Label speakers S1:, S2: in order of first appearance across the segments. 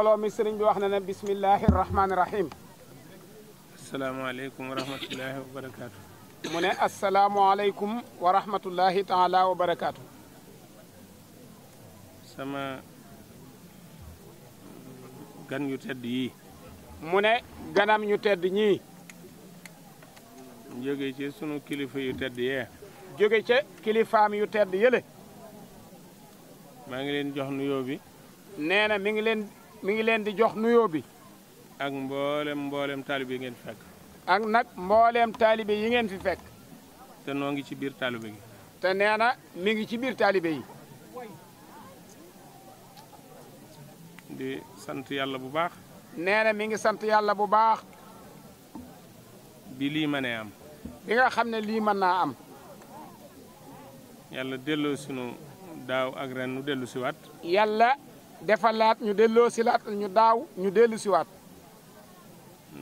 S1: mbooloo mi sëriñ bi wax na ne bismillahi rahmaani rahim. asalaamaaleykum wa rahmatullahi wa barakaatu. mu ne asalaamaaleykum wa rahmatullahi taala wa barakaatu. sama gan yu tedd yii. mu ne ganam ñu tedd ñii. jóge ci sunu kilifa yu tedd yee. jóge ca kilifaam yu tedd yële. maa ngi leen jox nuyoo bi. nee na mi ngi leen mi ngi leen di jox nuyoo bi. ak mboolem mboolem taalibe yi ngeen fi fekk. ak nag mboolem taalibe yi ngeen fi fekk. te noo ngi ci biir taalibe gi. te nee mi ngi ci biir taalibe yi. di sant yàlla bu baax. nee mi ngi sant yàlla bu baax. bi lii mënee am. bi nga xam ne lii mën naa am. yàlla delloo sunu daaw ak ren nu dellu si yàlla defalaat ñu delloo si laat ñu daaw ñu dellu siwaat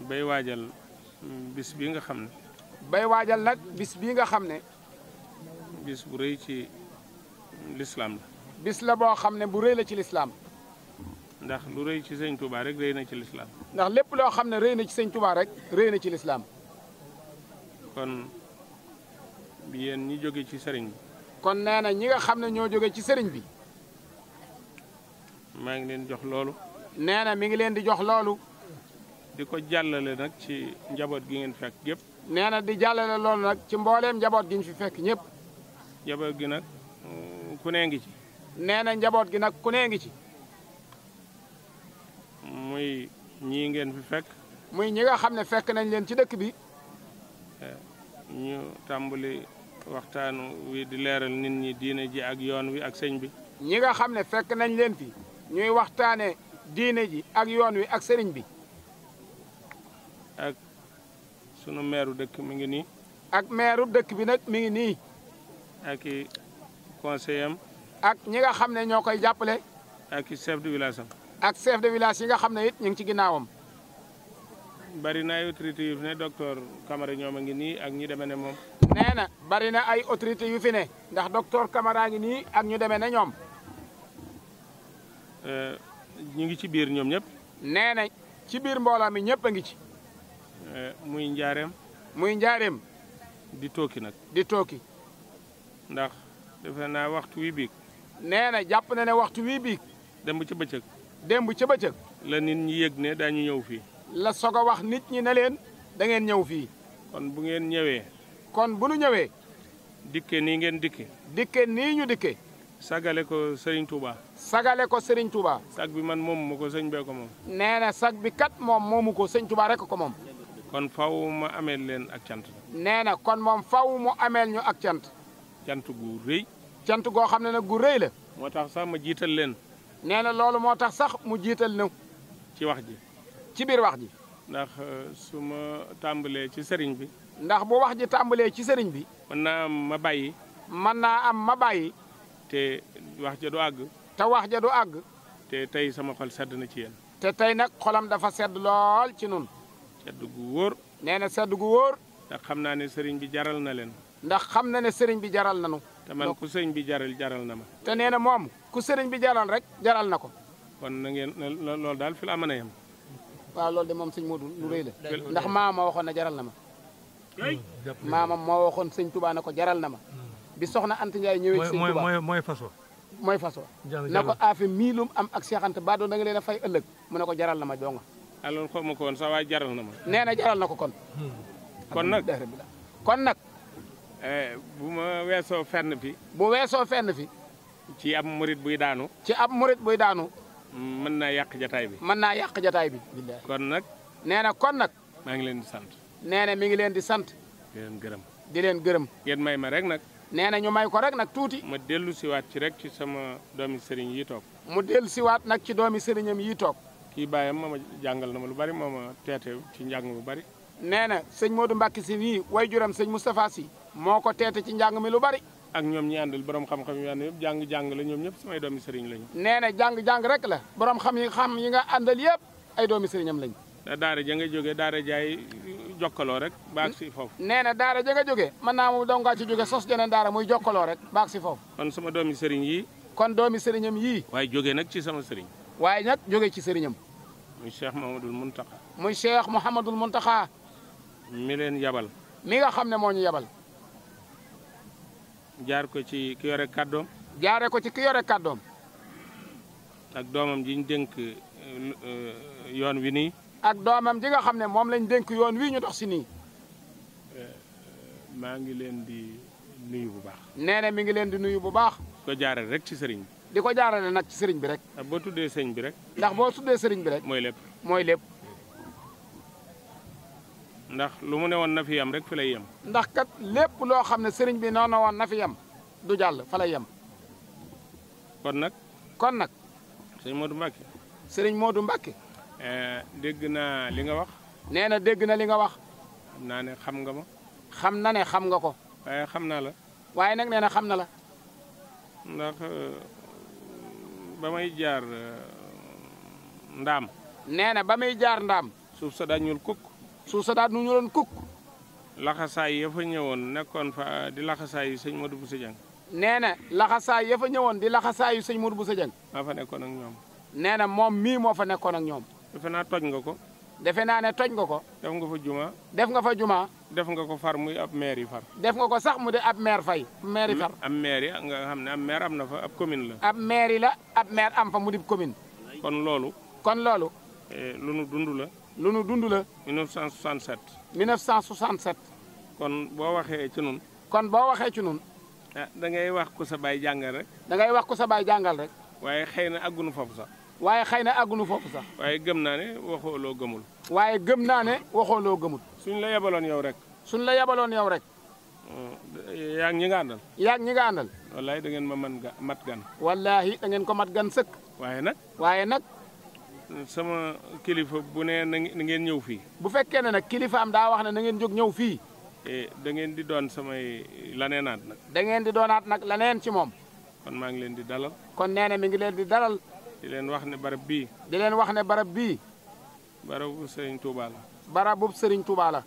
S1: bay waajal mm, bis bi nga xam ne bay waajal nag bis bii nga xam ne bis bu rëy ci lislaam bis la boo xam ne bu rëy la ci lislaam ndax lu rëy ci sëñ Touba rek rëy na ci lislaam ndax lépp loo xam ne rëy na ci sëñ Touba rek rëy na ci lislaam kon bi yéen ñi jóge ci sëriñ bi kon nee na ñi nga xam ne ñoo jóge ci sëriñ bi maa ngi leen jox loolu. nee na mi ngi leen di jox loolu. di ko jàllale nag ci njaboot gi ngeen fekk yëpp. nee na di jàllale loolu nag ci mbooleem njaboot gi ñu fi fekk ñëpp. njaboot gi nag mm, ku nee ngi ci. nee na njaboot gi nag ku nee ngi ci. muy ñii ngeen fi fekk. muy ñi nga xam ne fekk nañ leen ci dëkk bi. Eh, ñu tàmbali waxtaanu wi di leeral nit ñi diina ji ak yoon wi ak sëñ bi. ñi nga xam ne fekk nañ leen fi. ñuy waxtaane diine ji ak yoon wi ak sëriñ bi ak sunu meeru dëkk mi ngi nii ak meeru dëkk bi nag mi ngi nii ak i am ak ñi nga xam ne ñoo koy jàppale ak i chef de village ak chef de village yi nga xam ne it ñu ngi ci ginnaawam bari na ay autorité yu fi ne docteur Camara ñoom a ngi nii ak ñu demee ne moom nee na bari na ay autorité yu fi ne ndax docteur Camara ngi nii ak ñu demee ne ñoom Euh, ñu ngi ci biir ñoom ñëpp. nee na ci biir mboolaam mi ñëpp a ngi ci. Euh, muy njaareem. muy njaareem. di tooki nag. di tooki. ndax defe naa waxtu wi biig. nee na jàpp na ne waxtu wii biig. démb ca bëccëg. démb ca bëccëg. la nit ñi yëg ne daañu ñëw fii. la soog a wax nit ñi ne leen da ñëw fii. kon bu ngeen ñëwee. kon bu nu ñëwee. dikke nii ngeen dikke. dikke nii ñu dikke. sagale ko Serigne Touba. sagale ko Serigne Touba. sag bi man moom ma ko sëñ bee ko moom. nee na sag bi kat moom moomu ko sëñ Touba rek ko moom. kon faw ma ameel leen ak cant. nee kon moom faw mu ameel ñu ak cant. cant gu rëy. cant goo xam ne nag gu rëy la. moo tax sax ma jiital leen. nee na loolu moo tax sax mu jiital na ci wax ji. ci biir wax ji. ndax euh, su ma tàmbalee ci sëriñ bi. ndax bu wax ji tàmbalee ci sëriñ bi. mën naa am ma bàyyi. mën naa am ma bàyyi. te wax ja du àgg. te wax ja du àgg. te tey sama xol sedd na ci yéen. te tey nag xolam dafa sedd lool ci nun sedd gu wóor. nee na sedd gu wóor. ndax xam naa ne sëriñ bi jaral na leen. ndax xam na ne sëriñ bi jaral na nu. te ku sëriñ bi jaral jaral na ma. te nee na moom ku sëriñ bi jaral rek jaral na ko. kon na ngeen loolu daal fi la mën a yem. waaw loolu de moom sëñ Modou lu rëy la. ndax maam ma waxoon na jaral na ma. maama moo waxoon sëñ Touba na ko jaral na ma. bi soxna Anta Ndiaye ñëwee ci sëñ Touba mooy mooy fas wa mooy fas wa na ko aafe mii am ak Cheikh Anta ba doon da leen a fay ëllëg mu ne ko jaral na ma jonga alors xaw ma ko woon sax waaye jaral na ma nee na jaral na ko kon hmm. kon nag kon nag eh, bu ma weesoo fenn fi bu weesoo fenn fi ci ab murit buy daanu ci ab murit buy daanu mën naa yàq jataay bi mën naa yàq jataay bi kon nag nee na kon nag maa ngi leen di sant nee na mi ngi leen di sant di leen gërëm di leen gërëm ngeen may ma rek nag nee na ñu may ko rek nag tuuti. ma dellu siwaat ci rek ci sama doomi sëriñ yi toog. mu dellu siwaat nag ci doomi sëriñam yi toog. kii baayam ma ma jàngal na ma lu bari moo ma teete ci njàng lu bari. nee na sëñ Modou Mbacke si nii way juram sëñ Moustapha si. moo ko teete ci njàng mi lu bari. ak ñoom ñi àndal borom xam-xam yi àndal yëpp jàng-jàng la ñoom ñëpp samay doomi sëriñ lañ nee na jàng-jàng rek la. borom xam yi xam yi nga àndal yëpp ay doomi sëriñam lañu. daara ja nga jógee daara jaay jokkaloo rek baag si foofu nee na daara ja nga jóge mën naa moom dongaa ci jóge sos daar daara muy jokkaloo rek baag si foofu kon sama doomi sëriñ yi kon doomi sëriñam yii waaye jóge nag ci sama sëriñ waaye nag jóge ci sëriñam muy cheikh Mouhamadul Mountakha muy cheikh Mouhamadul Mountakha mi leen yabal mi nga xam ne moo ñu yabal jaar ko ci ki yore jaare ko ci ki yore kàddoom ak doomam jiñ dënk euh, yoon wi nii ak doomam ji nga xam ne moom lañ dénk yoon wii ñu dox si nii. maa ngi leen di nuyu bu baax. nee mi ngi leen di nuyu bu baax. ko jaarale rek ci sëriñ bi. di ko jaarale nag ci sëriñ bi rek. ndax ah, boo tuddee sëriñ bi rek. ndax boo tuddee sëriñ bi rek. mooy lépp mooy lépp. ndax lu mu ne woon na fi yem rek fi lay yem. ndax kat lépp loo xam ne sëriñ bi noonu woon na fi yem du jàll fa lay yem. kon nag. kon nag. sëriñ Modou Mbacke. sëriñ Modou Mbacke. Eh, dégg na li nga wax. nee na dégg na li nga wax. xam naa ne xam nga ma. xam na ne xam nga ko. waaye eh, xam naa la. waaye nag nee na xam na la. ndax eh, ba may jaar ndaam. nee na ba may jaar ndaam. suuf sa daa ñuul kuk suuf sa daa nu ñuuloon kukk. laxasaay ya fa ñëwoon nekkoon fa di laxasaay sëñ Modou Boussa Dieng. nee na laxasaay ya fa ñëwoon di yu sëñ Modou Boussa Dieng. maa fa nekkoon ak ñoom. nee na moom mii moo fa nekkoon ak ñoom. defe naa toj nga ko. defe naa ne toj nga ko. def nga fa juma. def nga fa def nga ko far muy ab maire yi far. def nga ko sax mu de ab maire fay. maire yi far ab maire yi nga xam ne ab maire am na fa ab commune la. ab maire yi la ab maire am fa mu di commune. kon loolu. kon loolu. Eh, lu nu dund la. lu nu dund la. 1967. 1967. kon boo waxee ci nun kon boo waxee ci nun ah da ngay wax ku sa baay jàngal rek. da ngay wax ku sa baay jàngal rek. waaye xëy na àggunu foofu sax. waaye xëy na àggunu foofu sax. waaye gëm naa ne waxoo loo gëmul. waaye gëm naa ne waxooloo loo gëmul. suñ la yebaloon yow rek. suñ la yebaloon yow rek. yaa ngi ñi nga àndal. yaa ñi nga wallaahi da ngeen ma man ga mat gan. wallaahi da ngeen ko mat gan sëkk. waaye nag. waaye nag. sama kilifa bu ne na ngeen ñëw fii. bu fekkee ne nag am daa wax ne na ngeen jóg ñëw fii. E, da ngeen di doon samay laneenaat nag. dangeen di doonaat nag laneen ci moom. kon maa ngi leen di dalal. kon nee mi ngi leen di di leen wax ne barab bii. di leen wax ne barab bii. barabu Serigne Touba la. barabu Serigne Touba la.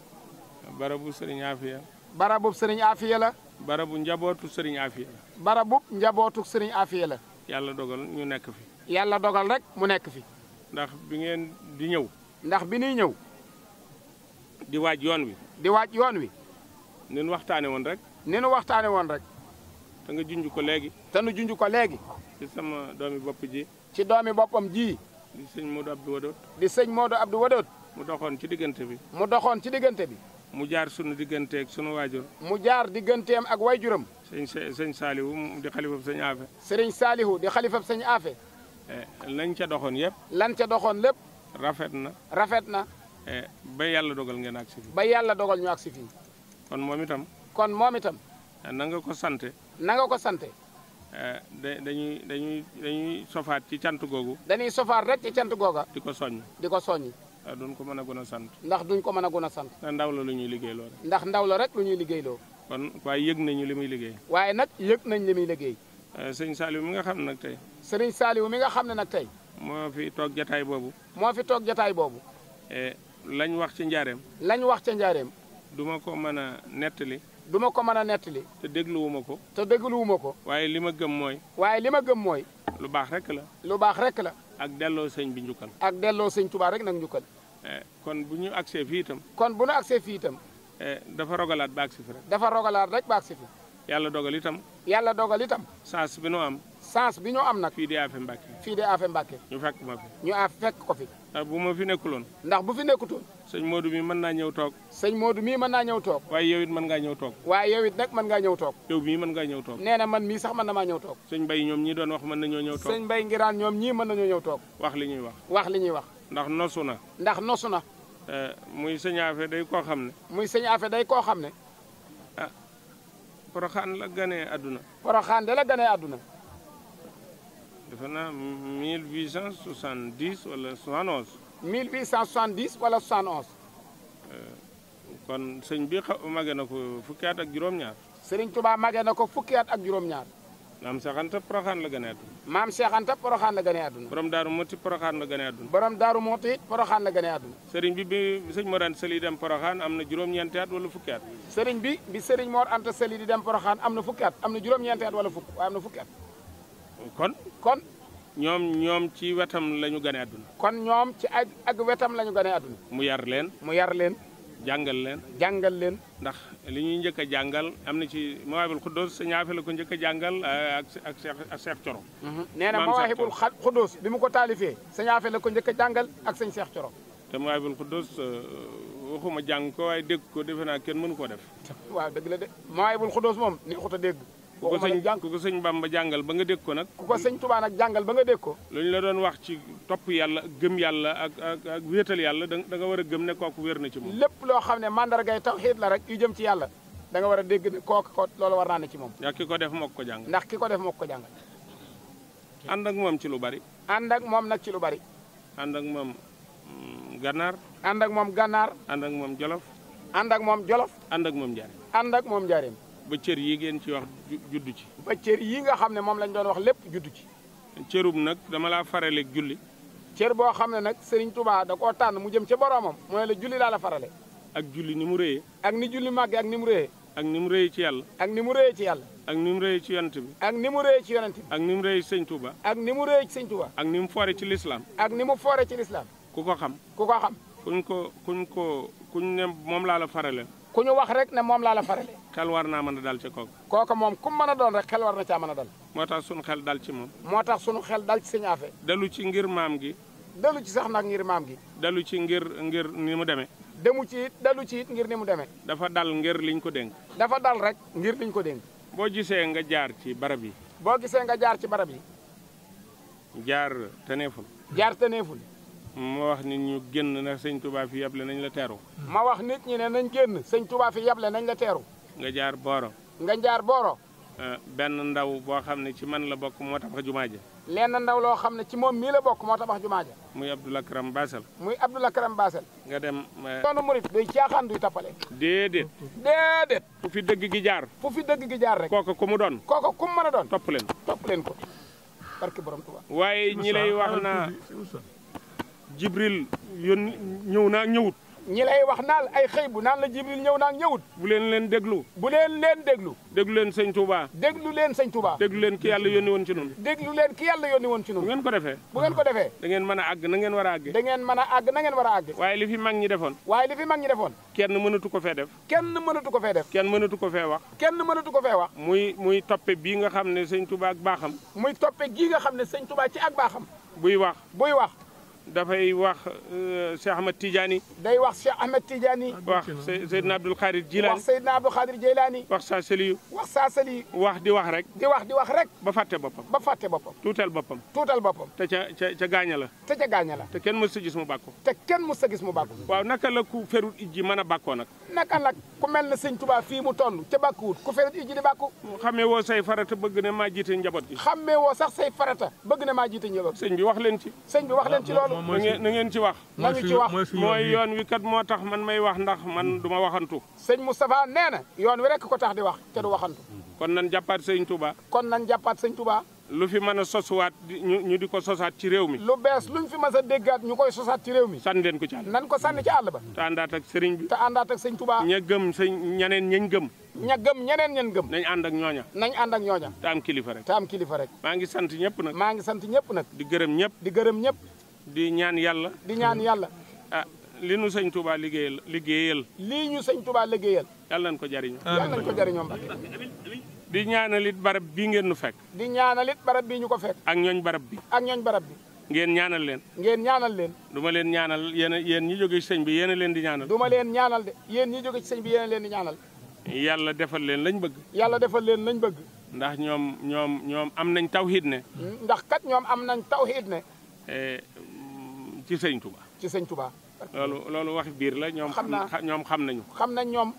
S1: barabu Serigne Afia. barabu Serigne Afia la. barabu njabootu Serigne Afia barabu njabootu Serigne Afia la. yàlla dogal ñu nekk fi. yàlla dogal rek mu nekk fi. ndax bi ngeen di ñëw. ndax bi nuy ñëw. di waaj yoon wi. di waaj yoon wi. ni nu waxtaane woon rek. ni nu woon rek. te nga junj ko léegi. te nu junj ko léegi. ci sama doomi bopp ji. ci doomi boppam ji. di sëñ Modou Abdou Wadoot. di sëñ Modou Abdou Wadoot. mu doxoon ci diggante bi. mu doxoon ci diggante bi. mu jaar sunu digganteeg sunu waajur. mu jaar digganteem ak waajuram. sëñ sëñ Saalihu di xalifab sëñ Afe. sëriñ Saalihu di xalifab sëñ Afe. E, lañ ca doxoon yëpp. lan ca doxoon lépp. rafet na. rafet na. e ba yàlla dogal ngeen ak si fii. ba yàlla dogal ñu ak si kon moom itam. kon moom itam. E, na nga ko sante. na nga ko sante. Eh, dañuy dañuy dañuy sofaat ci cant googu. dañuy sofaat rek ci cant googa. di ko soññ. di ko soññ. ndax ah, duñ ko mën a gën a sant. ndax duñ ko mën a gun a sant. ndax ndaw la lu ñuy liggéeyloo rek. ndax ndaw la rek lu ñuy liggéeyloo. kon waaye yëg nañu li muy liggéey. waaye nag yëg nañ li muy liggéey. Eh, sëñ Saliou mi nga xam nag tey. sëriñ Saliou mi nga xam ne nag tey. moo fi toog jataay boobu. moo fi toog jataay boobu. e lañ wax ci njaareem. lañ wax ca njaareem. du ma ko mën a nettali. du ko mën a nettali. te dégluwuma ko. te dégluwuma ko. waaye li ma gëm mooy. waaye li ma gëm mooy. lu baax rek la. lu baax rek la. ak delloo sëñ bi njukkal. ak delloo sëñ tubaar rek nag njukkal. Eh, kon bu ñu agsee fii itam. kon bu ñu agsee fii itam. Eh, dafa rogalaat ba agsi fi rek. dafa rogalaat rek ba agsi fi. yàlla dogal itam. yàlla dogal itam. sens bi ñu am. sens bi ñu am nag. fii di Afe Mbàkke. fii de Afe Mbàkke. ñu fekk ma fi. ñu a fekk ko fi. ndax bu ma fi nekkuloon. ndax bu fi nekkutoon. sëñ Modou mii mën naa ñëw toog sëñ Modou mii mën naa ñëw toog waaye yow it mën ñëw toog waaye yow it nag mën ngaa ñëw toog yow mii mën nga ñëw toog nee na man mii sax man na maa ñëw toog sëñ Mbaye ñoom ñi doon wax mën nañoo ñëw toog sëñ Mbaye ngiraan ñoom ñii mën nañoo ñëw toog wax li ñuy wax wax li ñuy wax ndax nosu na ndax nosu na muy sëñ Afe day koo xam ne muy sëñ Afe day koo xam ne ah xaan la ganee àdduna poroxaan de la ganee àdduna defe naa 1870 wala 1870 wala 71. Euh, kon sëñ bi xa mage na ko fukki at ak juróom-ñaar. Serigne Touba mage na ko fukki at ak juróom-ñaar. maam Cheikh Anta Porokhane la gane àdduna. maam Cheikh Anta Porokhane la gane àdduna. borom Daaru Moti Porokhane la gane àdduna. borom Daaru Moti it Porokhane la gane àdduna. Serigne bi bi sëñ Mor Anta Sali dem Porokhane am na juróom-ñeenti at wala fukki at. Serigne bi bi Serigne Mor Anta Sali di dem Porokhane am na fukki at am na juróom-ñeenti at fukk waaye am na ñoom ñoom ci wetam lañu ñu gane àdduna kon ñoom ci ak ak wetam lañu ñu gane àdduna mu yar leen mu yar leen jàngal leen jàngal leen ndax li ñuy njëkk a jàngal am na ci ma xuddoos sa ñaafe mhm. la ko njëkk a jàngal ak ak nee na mawaahibul xuddoos bi mu ko taalifee sa ñaafe la ko njëkk a ak sëñ seex coro te mawaahibul xuddoos euh, waxuma jàng ko waaye dégg ko defe naa kenn mënu koo def waaw dëgg ma de mawaahibul xuddoos moom neexut a dégg ku ko sëñ ku ko sëñ Bamba jàngal ba nga dégg ko nag ku ko sëñ Tuubaa nag jàngal ba nga dégg ko lu ñu la doon wax ci topp yàlla gëm yàlla ak ak ak wéetal yàlla da war a gëm ne ku wéer na ci moom lépp loo xam ne mandargay tawhiid la rek yu jëm ci yàlla danga war a dégg ne kooku ko loolu war naa ne ci moom ndax ki ko def moo ko jàngal ndax ki ko def moo ko jàngal ànd ak moom ci lu bari ànd ak moom nag ci lu bari ànd ak moom mm, gànnaar ànd ak moom gànnaar ànd ak moom jolof ànd ak moom jolof ànd ak moom njaareem ànd ak moom njaareem ba cër yii ngeen ci wax juddu ci. ba cër yi nga xam ne moom lañ doon wax lépp juddu ci. cërub nag dama laa farale julli. cër boo xam ne nag Serigne Touba da koo tànn mu jëm ca boroomam mooy la julli laa la farale. ak julli ni mu rëyee. ak ni julli màggee ak ni mu rëyee. ak ni mu rëyee ci yàlla. ak ni mu rëyee ci yàlla. ak ni mu rëyee ci yonent bi. ak ni mu rëyee ci yonent bi. ak ni mu rëyee ci Sëñ Touba. ak ni mu rëyee ci Sëñ Touba. ak ni mu foore ci lislaam. ak ni mu foore ci lislaam. ku ko xam. ku ko xam. kuñ ko kuñ ko kuñ ne moom laa la ku ñu wax rek ne moom laa la farale xel war naa mën a dal ci kooku kooku moom ku mën a doon rek xel war na caa mën a dal moo tax sunu xel dal ci moom moo tax sunu xel dal ci sëñ Afe ci ngir maam gi dalu ci sax nag ngir maam gi dalu ci ngir ngir ni mu demee demu ci it ci ngir ni mu demee dafa dal ngir liñ ko dénk dafa dal rek ngir liñ ko dénk boo gisee nga jaar ci barab yi boo gisee nga jaar ci barab yi jaar teneeful jaar teneeful ma wax nit ñu génn na sëñ Touba fi yable nañ la teeru. ma wax nit ñi ne nañ génn sëñ Touba fi yable nañ la teeru. nga jaar Booro. nga jaar Booro. Eh, benn ndaw boo xam ne ci man la bokk moo tabax jumaa ja lenn ndaw loo xam ne ci moom mii la bokk moo tabax jumaa ja muy Abdoulaye Karam Basel. muy Abdoulaye Karam Basel. nga dem. Eh, yoonu murit day caaxaan duy tappale. déedéet. déedéet. fu fi dëgg gi jaar. fu fi dëgg gi jaar rek. kooka ku mu doon. kooka ku mu a doon. topp leen. ko. barke borom Tuubaa. waaye ñi lay wax Jibril yónni ñëw naa ñëwut. ñi lay wax naal ay xëy bu naan la jibril ñëw naa ñëwut bu leen leen déglu bu leen leen déglu déglu leen sëñ Touba déglu leen sëñ Touba déglu leen ki yàlla yónni woon ci noonu déglu leen ki yàlla yónni woon ci noonu bu ngeen ko defee bu ngeen ko defee da ngeen mën a àgg na ngeen war a àgg da a àgg na ngeen war a àgg waaye li fi mag ñi defoon waaye li fi mag ñi defoon kenn mënatu ko fee def kenn mënatu ko fee def kenn mënatu ko fee wax kenn mënatu ko fee wax muy muy toppe bii nga xam ne sëñ Touba ak baaxam muy toppe gii nga xam ne sëñ Touba ci ak baaxam buy wax buy wax dafay wax euh, Cheikh Ahmed Tidiane. day wax Cheikh Ahmed Tidiane. wax Seydina Abdoul Khadir Jilani. wax Seydina Abdoul Khadir Jilani. wax saa seliyu. wax saa seliyu. wax di wax rek. di wax di wax rek. ba fàtte boppam. ba fàtte boppam. tuutal boppam. tuutal boppam. te ca ca ca gaaña la. te ca gaaña la. te kenn mës sa gis mu bàkko. te kenn mës sa gis mu bàkko. waaw naka la ku ferut ijji mën a bàkkoo nag. naka la ku mel ne sëñ Tuubaa fii mu toll ca bàkkuwut ku ferut ijji di bàkku. xamee woo say farata bëgg ne maa jiite njaboot gi. xamee woo sax say farata bëgg ne maa jiite njaboot. sëñ bi wax leen ci. sëñ bi wax leen ci loolu na ngeen ci wax lañu ci wax mooy yoon wi kat moo tax man may wax ndax man mm-hmm. du ma waxantu sëñ Moustapha nee na yoon wi rek ko tax di wax te du waxantu mm-hmm. kon nan jàppaat sëñ Touba kon nan jàppaat sëñ Touba lu fi mën a sosuwaat ñu di ko sosaat ci réew mi lu bees luñ fi mën a déggaat ñu koy sosaat ci réew mi sànni leen ko ci àll ko sànni ci àll ba te àndaat ak sëriñ bi te àndaat ak sëñ Touba gëm sëñ ñeneen ñañ gëm ña ñeneen ñen gëm nañ ànd ak ñooña nañ ànd ak ñooña te kilifa rek te am kilifa rek maa ngi sant ñëpp nag maa ngi sant ñëpp nag di gërëm ñëpp di gërëm ñëpp di ñaan yàlla. di ñaan yàlla. ah li nu sëñ Touba liggéeyal liggéeyal. lii ñu sëñ Touba liggéeyal. yàlla nañ ko jariñoo. yàlla nañ ko jariñoo Mbacke. di ñaanalit barab bii ngeen nu fekk. di ñaanalit barab bii ñu ko fekk. ak ñooñ barab bi. ak ñooñ barab bi. ngeen ñaanal leen. ngeen ñaanal leen. duma leen ñaanal yéen yéen ñi jóge ci sëñ bi yéen a leen di ñaanal. du ma leen ñaanal yéen ñi jóge ci bi yéen a leen di ñaanal. yàlla defal leen lañ bëgg. yàlla defal leen lañu bëgg. ndax ñoom ñoom ñoom am nañ tawhid ne. ndax kat ñoom am nañ tawhid ne. Eh, ci sëñ Touba. ci sëñ Touba. loolu loolu waxi biir la ñoom. xam naa ñoom xam nañu. xam nañ ñoom.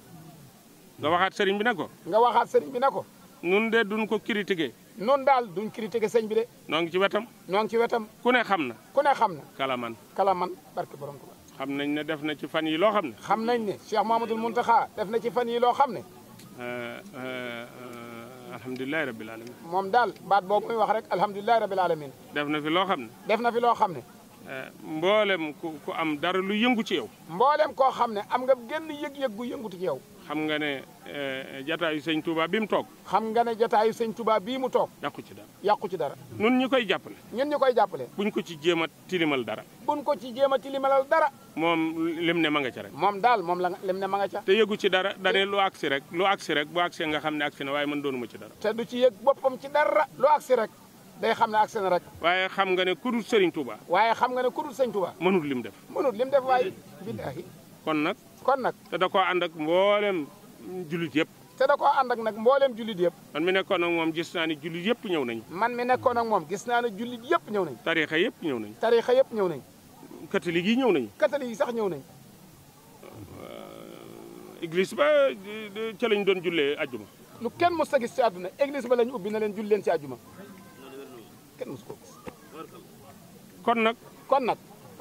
S1: nga waxaat sëriñ bi ne ko. nga waxaat sëriñ bi ne ko. nun de duñ ko critiqué. noonu daal duñ critiqué sëñ bi de. noo ngi ci wetam. noo ngi ci wetam. ku ne xam na. ku ne xam na. kalaman kalaman barke borom Touba. xam nañ ne def na ci fan yi loo xam ne. xam nañ ne Cheikh Mamadou Mountakha def na ci fan yi loo xam ne. Euh, euh, alhamdulilah rabil alamin moom daal baat boobu muy wax rek alhamdulilah rabil alamin def na fi loo xam ne. def na fi loo xam ne. mboolem ku ku am dara lu yëngu ci yow. mboolem koo xam ne am nga genn yëg-yëg gu yëngutu ci yow. xam nga ne eh, jataayu sëñ Touba bi mu toog. xam nga ne jataayu sëñ Touba bii mu toog. yàqu ci dara yàqu ci dara. nun ñi koy jàppale. ñun ñi koy jàppale. buñ ko ci jéem a tilimal dara. buñ ko ci jéem a tilimalal dara. moom lim ne ma nga ca rek. moom daal moom la lim ne ma nga ca. te yëgu ci dara dane lu agsi rek lu agsi rek bu agsee nga xam ne agsi na waaye man doonu ma ci dara. te du ci boppam ci dara. lu agsi rek. day xam ne ak seen rek waaye xam nga ne ku dul sëriñ Touba waaye xam nga ne ku dul sëriñ Touba mënut lim def mënut lim def waaye billaahi kon nag kon nag te da koo ànd ak mboolem jullit yëpp te da koo ànd ak nag mboolem jullit yëpp man mi nekkoon ak moom gis naa ne jullit yëpp ñëw nañ man mi nekkoon ak moom gis naa ne jullit yëpp ñëw nañ tarixa yëpp ñëw nañ tarixa yëpp ñëw nañ catholique yi ñëw nañ catholique yi sax ñëw nañ euh, église ba euh, ca lañ doon jullee ajjuma lu kenn mos a gis ci àdduna église ba lañ ubbi na leen jull leen ci àjjuma kenn kon nag kon nag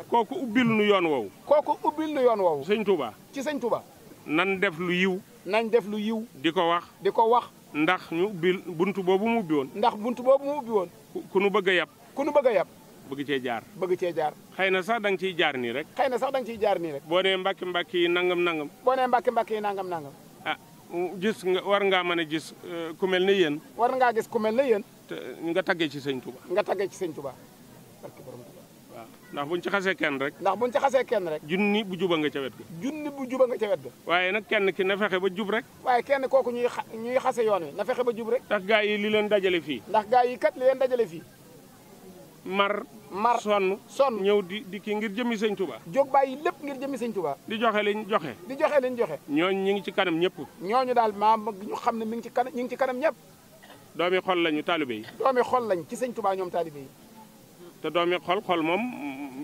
S1: kooku ubbil nu yoon woowu kooku ubbil nu yoon woowu sëñ Touba ci sëñ Touba nan def lu yiw nañ def lu yiw di ko wax di ko wax ndax ñu ubbil buntu boobu mu ubbi woon ndax bunt boobu mu ubbi woon ku nu bëgg a yàpp ku nu bëgg a yàpp bëgg cee jaar bëgg cee jaar xëy na sax da nga ciy jaar nii rek xëy na sax da nga ciy jaar nii rek boo nee mbàkki mbàkki yi nangam nangam boo nee mbàkki mbàkki yi nangam nangam ah gis nga war ngaa mën a gis euh, ku mel ne yéen war ngaa gis ku mel ne nga taggee ci sëñ Touba. nga taggee ci sëñ Touba barke borom Touba. waaw ndax buñ ci xasee kenn rek. ndax buñ ci xasee kenn rek. junni bu juba nga ca wet ga. junni bu juba nga ca wet ga. waaye nag kenn ki na fexe ba jub rek. waaye kenn kooku ñuy xa ñuy xase yoon wi na fexe ba jub rek. ndax gaa yi li leen dajale fii. ndax gaa yi kat li leen dajale fii. mar. mar sonn sonn ñëw di di kii ngir jëmi sëñ Touba. jóg bàyyi lépp ngir jëmi sëñ Touba. di joxe liñ joxe. di joxe liñ joxe. ñooñu ñu ngi ci kanam ñëpp. ñooñu daal maam ñu xam ne mi ngi ci kanam ñu ngi ci kanam ñëpp doomi xol lañu taalibe yi doomi xol lañ ci sëñ Tuubaa ñoom taalibe yi te doomi xol xol moom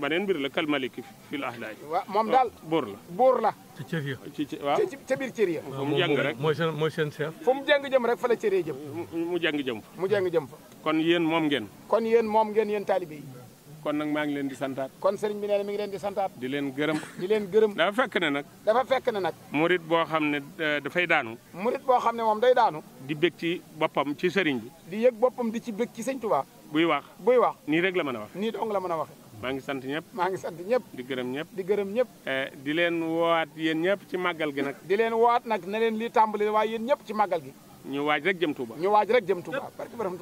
S1: beneen mbir la kalmaliki fil ahlaay waaw moom daal oh, buur la buur la ci cër ya ci waaw ca biir cër mu jàng rek mooy seen mooy seen seef fu mu jàng jëm rek fa la cër ya jëm mu jàng jëm fa mu jàng jëm kon yéen moom ngeen kon yéen moom ngeen yéen taalibe yi kon nag maa ngi leen di santaat kon sëriñ bi nee na mi ngi leen di santaat di leen gërëm di leen gërëm dafa fekk ne nag dafa fekk ne nag murit boo xam ne eh, dafay daanu murit boo xam ne moom day daanu di bég ci boppam ci sëriñ bi di yëg boppam di ci bég ci sëñ Tuubaa buy wax buy wax nii rek la mën a wax nii dong la mën a wax maa ngi sant ñëpp maa ngi sant ñëpp di gërëm ñëpp di gërëm ñëpp eh, di leen woowaat yéen ñëpp ci màggal gi nag di leen woowaat nag na leen lii tàmbali waaye yéen ñëpp ci màggal gi ñu waaj rek jëm Touba ñu waaj rek jëm Touba barke borom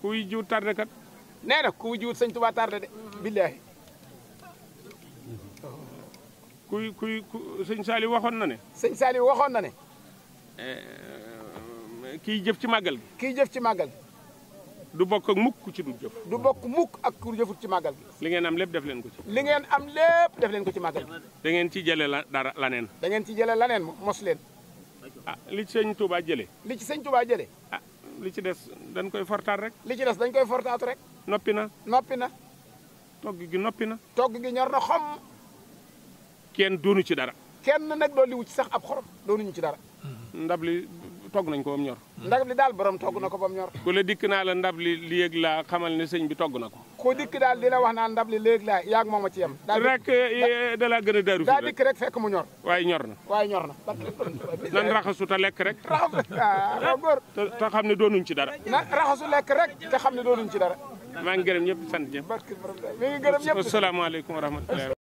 S1: ku juut tarde kat nee ku kuy juut sëñ tarde de billaahi kuy kuy sëñ Saali waxoon na ne sëñ Saali waxoon na ne ehm, kii jëf ci màggal gi kii jëf ci màggal gi du bokk ak mukk ci du jëf du bokk mukk ak ku jëfut ci màggal gi li ngeen am lépp def leen ko ci li ngeen am lépp def leen ko ci màggal gi da ngeen ci jële la dara laneen da ci jële laneen mos leen ah li ci sëñ Tuubaa jële li ci sëñ Tuubaa jële ah, li ci des dañ koy fortaat rek. li ci des dañ koy fortaat rek. noppi na noppi na. togg gi noppi na. togg gi ñor na xom. kenn doonu ci dara. kenn nag doo liwu ci sax ab xorom doonuñu ci dara. ndab li togg nañ ko ba ñor. ndab li daal borom togg na ko ba mu ñor. ku la dikk naa la ndab li li yëg laa xamal ne sëñ bi togg na ko. koo dikk daal di la wax naan ndab li léegi laa yaag moom a ci yem. rek eh, eh, eh, da gën a daru fi daa dikk rek fekk mu ñor. waaye ñor na waaye ñor na. nan raxasu ta lekk rek. raxasu ah, ah góor. te xam ne doonuñ ci dara. na raxasu lekk rek ta xam ne doonuñ ci dara. maa ngi gërëm ñëpp sant ñëpp. mi ngi gërëm ñëpp asalaamaaleykum wa rahmatulah.